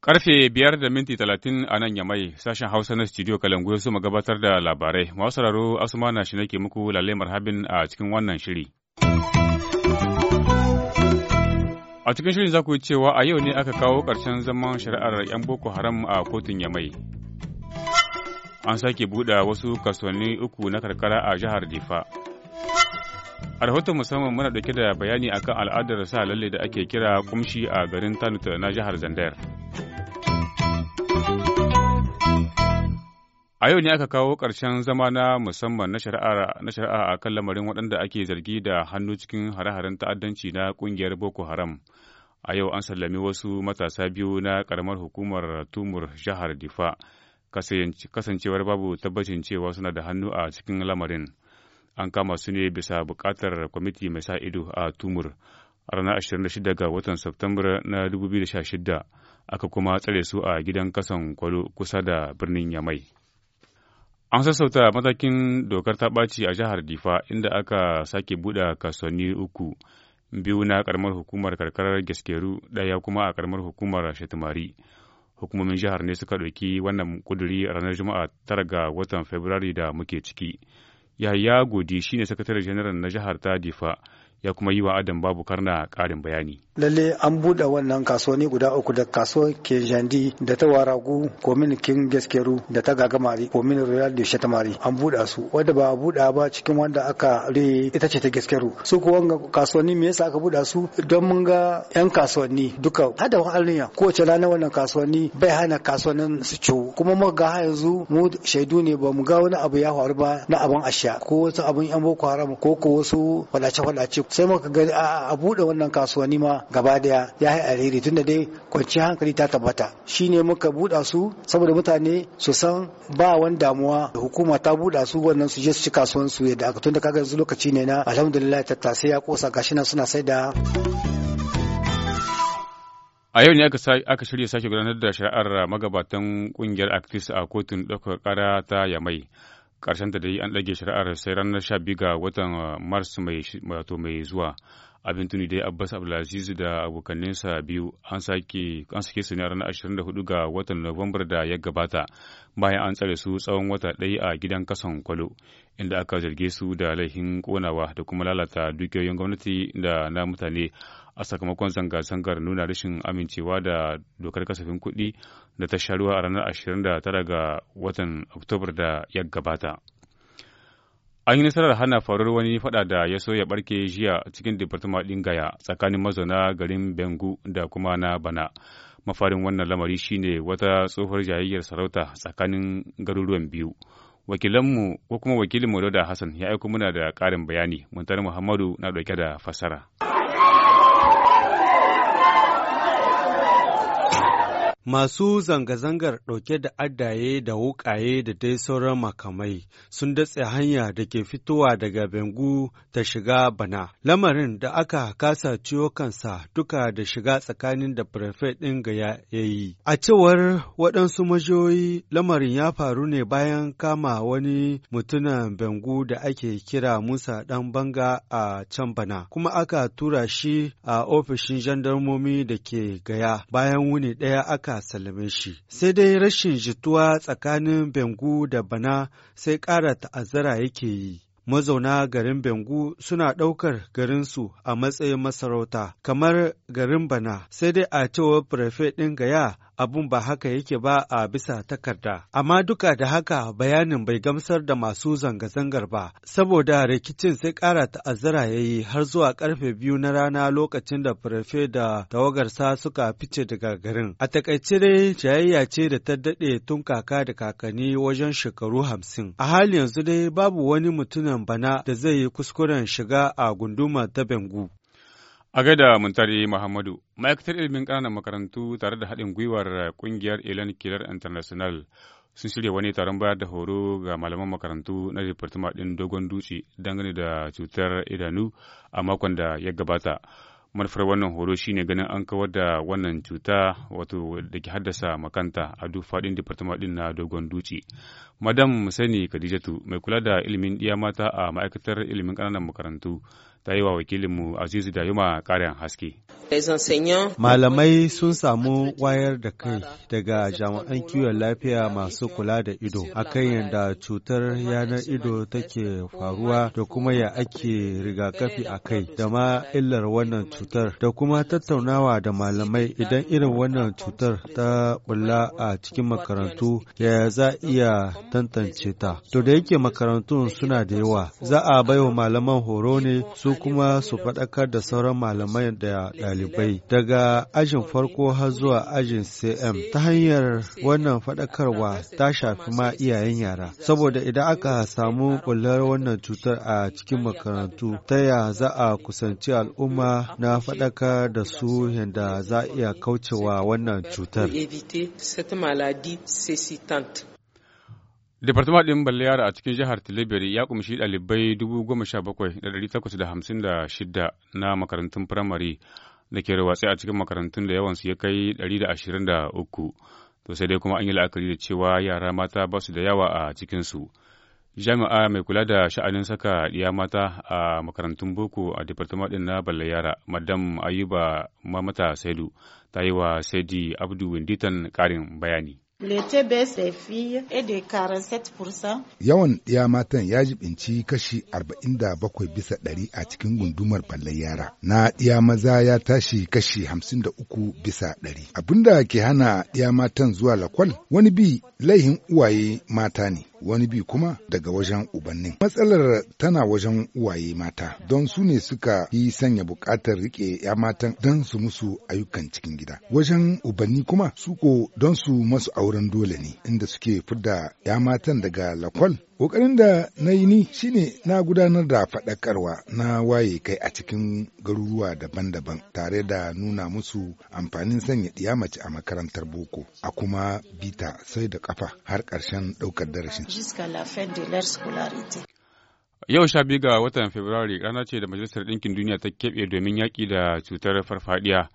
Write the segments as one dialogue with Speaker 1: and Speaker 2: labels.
Speaker 1: karfe biyar da minti talatin a nan yamai sashen hausa na studio kalangu su gabatar da labarai masu sauraro asuma na shi nake muku lalle marhabin a cikin wannan shiri A cikin shirin za ku yi cewa a yau ne aka kawo ƙarshen zaman shari'ar 'yan Boko Haram a kotun Yamai. an sake buɗe wasu kasuwanni uku na karkara a jihar Difa. A rahoton musamman muna ɗauke da bayani akan al'adar sa lalle da ake kira kumshi a garin tanuta na jihar Zandar. A yau ne aka kawo ƙarshen zama na musamman na shari'a a kan lamarin waɗanda ake zargi da hannu cikin hare-haren ta'addanci na ƙungiyar Boko Haram. A yau an sallami wasu matasa biyu na ƙaramar hukumar Tumur jihar Difa. kasancewar babu tabbacin cewa suna da hannu a cikin lamarin an kama su ne bisa bukatar kwamiti mai sa ido a tumur a ranar 26 ga watan Satumbar na 2016 aka kuma tsare su a gidan kasan kwalo kusa da birnin Yamai. An sassauta matakin dokar ta ɓaci a jihar Difa inda aka sake buɗe kasuwanni uku, biyu na ƙaramar hukumar karkarar Gaskeru ɗaya kuma a ƙaramar hukumar Shatumari. hukumomin jihar ne suka ɗauki wannan kuduri ranar juma'a tara ga watan fabrairu da muke ciki yahaya godi ne sakataren janar na jihar ta difa ya kuma yi wa adam babu karna karin bayani
Speaker 2: lalle an buɗe wannan kasuwanni guda uku da kaso jandi da ta waragu komin kin gaskeru da ta gagamari komin royal de shatamari an buɗe su wanda ba buɗe ba cikin wanda aka re ita ce ta gaskeru su ko wanga kasuwanni me yasa aka buɗe su don mun ga yan kasuwanni duka hada ko ce rana wannan kasuwanni bai hana kasuwannin su ci kuma mu ga yanzu mu shaidu ne ba mu ga wani abu ya faru ba na abin asha ko wasu abin yan boko haram ko ko wasu wadace-wadace sai muka ga a bude wannan kasuwanni ma gaba daya ya yi alheri tunda dai kwanciyar hankali ta tabbata shine muka buɗa su saboda mutane su san ba wani damuwa hukuma ta buɗa su wannan su je su ci kasuwan su yadda aka tunda kaga yanzu lokaci ne na alhamdulillah tattasai ya kosa gashi nan suna sai da
Speaker 1: A yau ne aka shirya sake gudanar da shari'ar magabatan kungiyar Actis a kotun ɗaukar ƙara ta Yamai. karshen da dai an ɗage shari'ar sai ranar sha biyu ga watan uh, mars mai mai zuwa abin tuni dai abbas abdulaziz da abokaninsa biyu an sake su ne ranar ashirin da ga watan nuwambar da ya gabata bayan an tsare su tsawon wata ɗaya a gidan kasan kwalo inda aka zarge su da laihin konawa da kuma lalata dukiyoyin gwamnati da na mutane a sakamakon zanga-zangar nuna rashin amincewa da dokar kasafin kuɗi da ta sharuwa a ranar 29 ga watan Oktobar da ya gabata. An yi nasarar hana faruwar wani fada da ya so ya barke jiya cikin Departement ɗin Gaya tsakanin mazauna garin Bengu da kuma na Bana. Mafarin wannan lamari shine wata tsohuwar jayayyar sarauta tsakanin garuruwan biyu. wakilanmu ko kuma wakilin da Hassan ya aiko muna da ƙarin bayani. Muntar Muhammadu na ɗauke da fasara.
Speaker 2: Masu zanga-zangar ɗauke da addaye da wuƙaye da dai sauran makamai sun datse hanya da ke fitowa daga Bengu ta shiga Bana. Lamarin da aka kasa ciwo kansa duka da shiga tsakanin da prefect ɗin gaya ya yi. A cewar waɗansu majoyi lamarin ya faru ne bayan kama wani mutumin Bengu da ake kira Musa ɗan banga a can Bana, kuma aka tura shi a ofishin jandarmomi da ke gaya bayan wuni ɗaya aka sallame shi. Sai dai rashin jituwa tsakanin Bengu da Bana sai ƙara ta'azzara yake yi. mazauna garin Bengu suna ɗaukar garinsu a matsayin masarauta, kamar garin Bana, sai dai a cewa Prefet ɗin Gaya abun ba haka yake ba a bisa takarda. Amma duka da haka bayanin bai gamsar da masu zanga-zangar ba, saboda rikicin sai ƙara ta'azzara ya yi har zuwa karfe biyu na rana lokacin da farfe da tawagarsa suka fice daga garin. A takaice dai jayayya ce da ta daɗe tun kaka da kakanni wajen shekaru hamsin. A hali yanzu dai babu wani mutumin bana da zai yi kuskuren shiga a gunduma ta Bengu.
Speaker 1: A gaida Muntari Muhammadu, ma'aikatar ilimin ƙananan makarantu tare da haɗin gwiwar ƙungiyar Elan Kilar International sun shirya wani taron bayar da horo ga malaman makarantu na Departima ɗin Dogon Dutse dangane da cutar idanu a makon da ya gabata. manufar wannan horo shine ganin an kawar da wannan cuta wato da ke haddasa makanta a duk faɗin departama ɗin na dogon dutse madam sani khadijatu mai kula da ilimin ɗiya mata a ma'aikatar ilimin ƙananan makarantu ta yi wa wakilinmu Azizu Dayuma ƙarin haske.
Speaker 2: Malamai sun samu wayar da kai daga jami'an kiwon lafiya masu kula da ido a kan yadda cutar yanar ido take faruwa da kuma ya ake rigakafi a kai da ma illar wannan cutar da kuma tattaunawa da malamai idan irin wannan cutar ta bulla a cikin makarantu ya za iya tantance ta. To da yake makarantun suna da yawa za a baiwa malaman horo ne su kuma su faɗakar da sauran malamai da ɗalibai daga ajin farko har zuwa ajin CM ta hanyar wannan faɗakarwa ta shafi ma iyayen yara. Saboda idan aka samu kullar wannan cutar a cikin makarantu ta ya za a kusanci al'umma na faɗakar
Speaker 1: da su yadda za a
Speaker 2: iya kaucewa wannan
Speaker 1: cutar. Departement ɗin baliyar a cikin jihar Tilibiri ya kumshi ɗalibai 17,856 na makarantun firamare da ke rawatse a cikin makarantun da yawansu ya kai 123 to sai dai kuma an yi la'akari da cewa yara mata ba su da yawa a cikinsu jami'a mai kula da sha'anin saka ɗiya mata a makarantun boko a department ɗin na balle yara madam ayuba mamata saidu ta yi wa saidi abdu winditan ƙarin bayani
Speaker 3: Yawan ɗiya matan ya jibinci kashi 47 bisa ɗari a cikin gundumar ballar yara. Na ɗiya maza ya tashi kashi hamsin da uku bisa ɗari. Abinda ke hana ɗiya matan zuwa lakwal wani bi laihin uwaye mata ne. wani bi kuma daga wajen ubannin. Matsalar tana wajen uwaye mata don su ne suka yi sanya buƙatar riƙe 'ya matan don su musu ayyukan cikin gida. Wajen ubanni kuma suko don su masu auren dole ne inda suke fidda 'ya matan daga lakwal Ƙoƙarin da na yi ni shine na gudanar da faɗakarwa na waye kai a cikin garuruwa daban-daban tare da nuna musu amfanin sanya ɗiya mace a makarantar boko a kuma bita sai da ƙafa har ƙarshen ɗaukar darasin.
Speaker 1: Yau sha biyu ga watan Fabrairu rana ce da Majalisar Ɗinkin Duniya ta keɓe domin yaƙi da cutar farfaɗiya.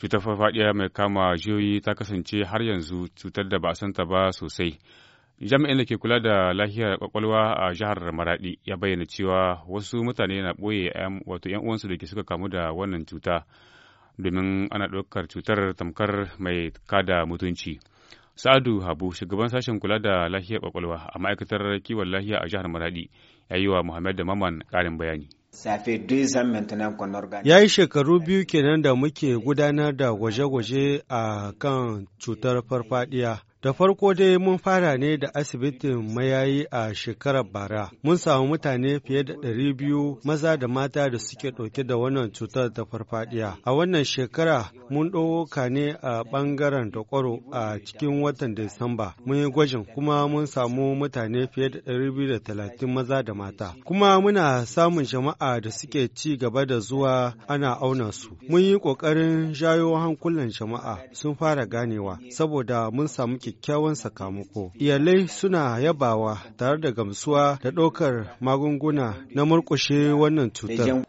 Speaker 1: Cutar farfaɗiya mai kama jiyoyi ta kasance har yanzu cutar da ba a santa ba sosai. jami'in da ke kula da lafiyar kwakwalwa a jihar maradi ya bayyana cewa wasu mutane na ɓoye wato 'yan uwansu da ke suka kamu da wannan cuta domin ana ɗaukar cutar tamkar mai kada mutunci sa'adu habu shugaban sashen kula da lafiyar kwakwalwa a ma'aikatar kiwon lafiya a jihar maradi ya yi wa muhammad da maman ƙarin bayani Ya yi shekaru biyu kenan da
Speaker 2: muke gudanar da gwaje-gwaje a kan cutar farfadiya. Da farko dai mun fara ne da asibitin mayayi a shekarar bara. Mun samu mutane fiye da ɗari biyu maza da mata da suke ɗauke da wannan cutar ta farfadiya. A wannan shekara mun ɗauka ne a ɓangaren takwaro a cikin watan Disamba. Mun yi gwajin kuma mun samu mutane fiye da ɗari biyu da talatin maza da mata. Kuma muna samun jama'a da suke ci gaba da zuwa ana auna su. Mun yi ƙoƙarin jayo hankulan jama'a sun fara ganewa saboda mun samu kyakkyawan sakamako. Iyalai suna yabawa tare da gamsuwa da ɗaukar magunguna na murƙushe wannan cutar.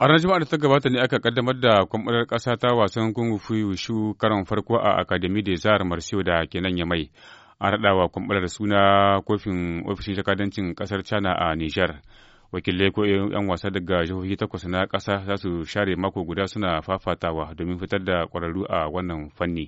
Speaker 1: A ranar Juma'a da ta gabata ne aka kaddamar da kwamfutar ƙasa ta wasan Kung Fu Wushu karon farko a Academy de Zahar Marsiyo da kenan ya mai. An raɗawa kwamfutar suna kofin ofishin jakadancin ƙasar China a Nijar. wakilai ko 'yan wasa daga jihohi takwas na ƙasa za su share mako guda suna fafatawa domin fitar da ƙwararru a wannan fanni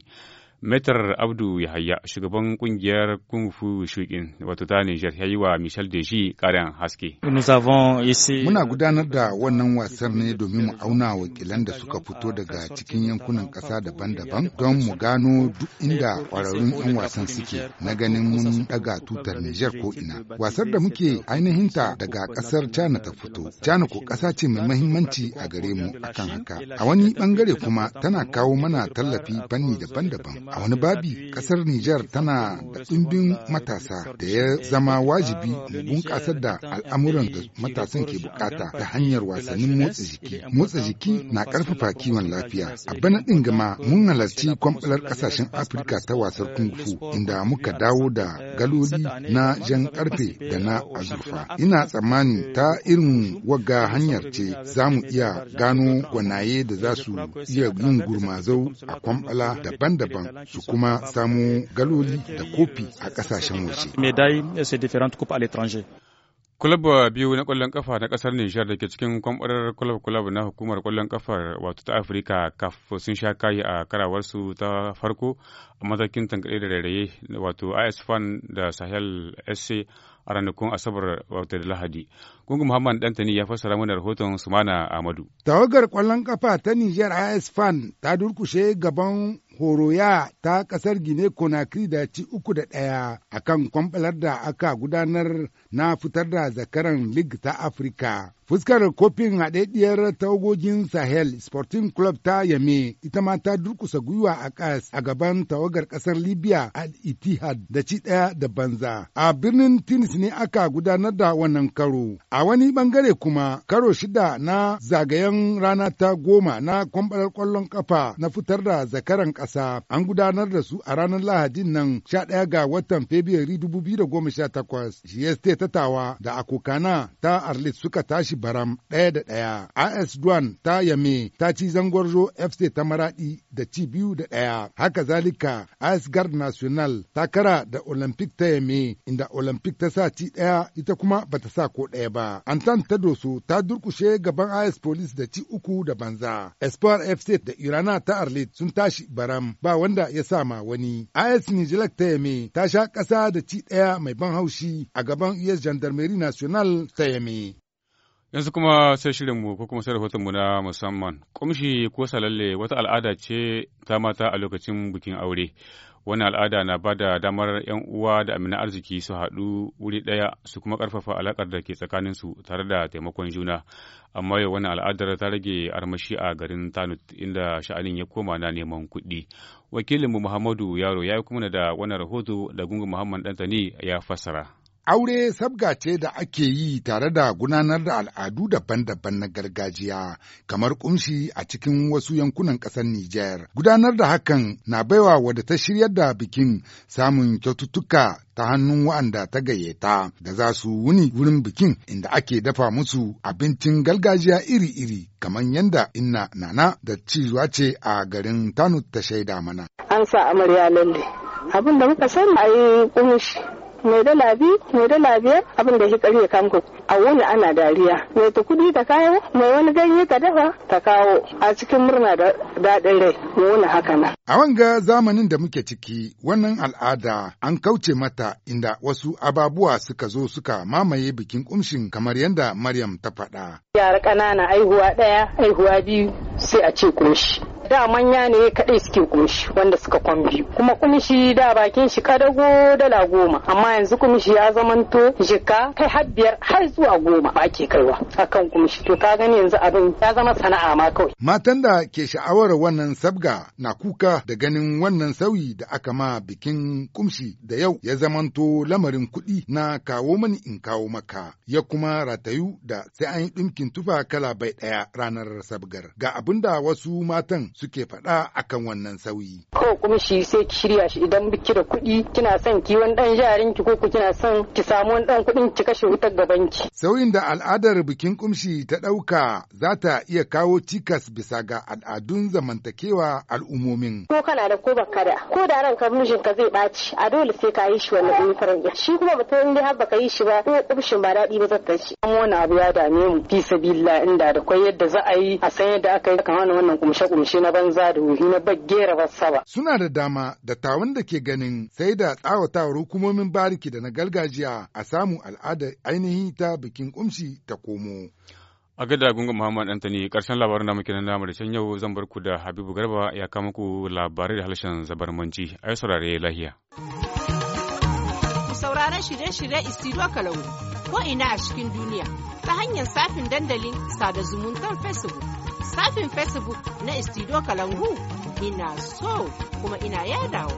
Speaker 1: Metar Abdu Yahaya shugaban kungiyar Kung Fu Shukin wato ta Niger ya yi wa Michel Deji karin haske.
Speaker 3: Muna gudanar da wannan wasar ne domin mu auna wakilan da suka fito daga cikin yankunan ƙasa daban-daban don mu gano duk inda ƙwararrun 'yan wasan suke na ganin mun daga tutar Niger ko ina. Wasar da muke ainihin ta daga ƙasar China ta fito. China ko ƙasa ce mai mahimmanci a gare mu akan haka. A wani ɓangare kuma tana kawo mana tallafi fanni daban-daban. A wani babi, ƙasar Nijar tana da ɗumbin matasa da ya zama eh, wajibi mu bunƙasar da al'amuran da matasan ke bukata ta hanyar wasannin motsa jiki. Motsa jiki na ƙarfafa kiwon lafiya. A bana ɗin gama mun halarci kwamfalar ƙasashen Afirka ta wasar kung eh, inda muka dawo da eh, galoli na jan ƙarfe da na azurfa. Ina tsammanin ta irin wagga hanyar ce za mu iya gano gwanaye da za su iya yin gurmazau a kwamfala daban-daban su kuma samu galoli da kofi a kasashen waje.
Speaker 1: Kulab biyu na kwallon kafa na kasar Nijar da ke cikin kwamfarar kulab-kulab na hukumar kwallon kafar wato ta Afirka kaf sun sha kayi a karawarsu ta farko a matakin tankaɗe da rairaye wato IS Fan da Sahel SC a ranakun Asabar wato da Lahadi. Gungu Muhammad Dantani ya fassara mana rahoton Sumana Ahmadu.
Speaker 3: Tawagar kwallon kafa ta Nijar IS Fan ta durkushe gaban horoya ta kasar gine konakri da ci uku da ɗaya a kan kwamfalar da aka gudanar na fitar da zakaran lig ta afirka fuskar kofin haɗaɗɗiyar tawagogin sahel sporting club ta yame ita ma ta durkusa gwiwa a kas a gaban tawagar ƙasar libya a itihad da ci ɗaya da banza a birnin tunis ne aka gudanar da wannan karo a wani bangare kuma karo shida na zagayen rana ta goma na kwamfalar kwallon ƙafa na fitar da zakaran ƙasa ƙasa an gudanar da su a ranar Lahadin nan 11 ga watan Fabrairu takwas. Shiyeste ta tawa da Akokana ta Arlit suka tashi baram ɗaya da ɗaya. AS Duan ta Yame ta ci zangwarzo FC ta Maraɗi da ci biyu da ɗaya. Haka zalika AS Guard National ta kara da Olympic ta Yame inda Olympic ta sa ci ɗaya ita kuma bata sa ko ɗaya ba. Antan ta doso ta durkushe gaban AS Police da ci uku da banza. Espoir FC da Irana ta Arlit sun tashi baram haram ba wanda ya sa ma wani. is Nijilak ta yame ta sha ƙasa da ci ɗaya mai ban haushi a gaban US Gendarmerie National ta yame.
Speaker 1: yanzu kuma sai shirinmu ko kuma sai mu na musamman kumshi ko salalle wata al'ada ce ta mata a lokacin bikin aure Wani al'ada na ba da damar 'yan uwa da amina arziki su haɗu wuri ɗaya su kuma ƙarfafa alaƙar da ke tsakaninsu tare da taimakon juna. Amma yau wani al'adar ta rage armashi a garin Tanut inda sha'anin ya koma na neman kuɗi. Wakilinmu Muhammadu Yaro ya yi kuma da wani rahoto da gungun Muhammad ɗantani ya fassara.
Speaker 3: Aure sabga ce da ake yi tare da gudanar da al'adu daban-daban na gargajiya, kamar kumshi a cikin wasu yankunan ƙasar Nijar. Gudanar da hakan na baiwa wadda ta shiryar da bikin samun kyaututtuka ta hannun wa'anda ta gayyata da za su wuni wurin bikin inda ake dafa musu abincin gargajiya iri-iri kamar yadda inna nana da cizuwa ce a garin Tanu ta shaida mana.
Speaker 2: An sa amarya lalle. Abin da muka sani a yi mai dala biyu mai dala biyar abin da shi karye kanku a wuni ana dariya mai ta kudi ta kawo mai wani ganye ta dafa ta kawo a cikin murna da daɗin rai
Speaker 3: mai wuni haka na. a wanga zamanin da muke ciki wannan al'ada an kauce mata inda wasu ababuwa suka zo suka mamaye bikin kumshin kamar yadda maryam ta faɗa.
Speaker 2: yara ƙanana aihuwa ɗaya aihuwa biyu sai a ce kumshi da manya ne kaɗai suke kumshi wanda suka kwan kuma kumshi da bakin shi kadago dala goma amma yanzu kumshi ya zamanto jika kai har biyar har zuwa goma ba ke kaiwa akan kumshi to ka gani yanzu abin ya zama sana'a ma kawai.
Speaker 3: Matan da ke sha'awar wannan sabga na kuka da ganin wannan sauyi da aka ma bikin kumshi da yau ya zamanto lamarin kuɗi na kawo mani in kawo maka ya kuma ratayu da sai an yi ɗinkin tufa kala bai ɗaya ranar sabgar ga abin da wasu matan suke faɗa akan wannan sauyi.
Speaker 2: Ko kuma shi sai ki shirya shi idan biki da kuɗi kina son ki wani ɗan jarin ki ko ku kina son ki samu wani ɗan kuɗin ki kashe wutar gaban ki.
Speaker 3: Sauyin da al'adar bikin kumshi ta ɗauka za ta iya kawo cikas bisa ga al'adun zamantakewa al'ummomin.
Speaker 2: Ko kana da ko baka da ko da mijin ka zai ɓaci a dole sai ka yi shi wannan ɗin shi kuma mutum dai har baka yi shi ba ko kumshin ba daɗi ba zata shi. Amma wani abu ya dame mu fi sabila inda da kwai yadda za a yi a san yadda aka yi kan wannan kumshe-kumshe na banza da wuhi na baggera saba.
Speaker 3: Suna da dama da tawon da ke ganin sai da tsawatawar hukumomin bariki da na gargajiya a samu al'adar ainihi ta bikin kumshi ta komo.
Speaker 1: A gada gungun Muhammad Antani karshen labarin da muke nan da can yau zan bar ku da Habibu Garba ya kama muku labarai da harshen zabarmanci. Ai saurare lahiya.
Speaker 2: Ku saurare shirye-shirye Isidro Kalau ko ina a cikin duniya ta hanyar safin dandalin sada zumuntar Facebook. shafin facebook na istido kalangu ina so kuma ina yadawa.